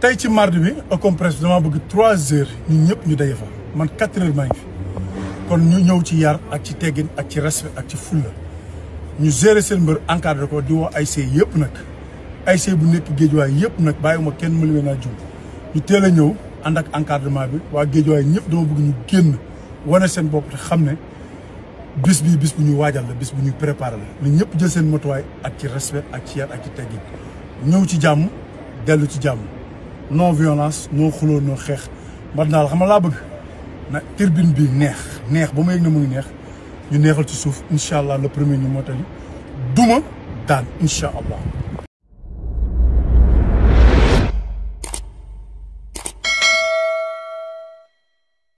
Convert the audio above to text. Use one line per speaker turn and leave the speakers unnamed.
tey ci mardi bi Open Presse dama bëgg trois heures ni ñëpp ñu daje fa man quatre heures maa fi kon ñu ñëw ci yar ak ci teggin ak ci respect ak ci fulla ñu gérer seen mbër encadré ko di ay see yëpp nag ay see bu nekk géejuwaay yëpp nag bàyyiwuma kenn mënu leen a jum ñu teel a ñëw ànd ak encadrement bi waa géejuwaay ñëpp dama bëgg ñu génn wane seen bopp xam ne bis bii bis bu ñuy waajal la bis bu ñuy préparer la ñu ñëpp jël seen matuwaay ak ci respect ak ci yar ak ci teggin ñëw ci jàmm dellu ci jàmm non-violence noo xuloo noo xeex man daal xam nga nou, laa na turbine bi neex neex ba mu yëg na mu ngi neex ñu neexal ci suuf incha le premier ñu moo tali duma daan incha allah.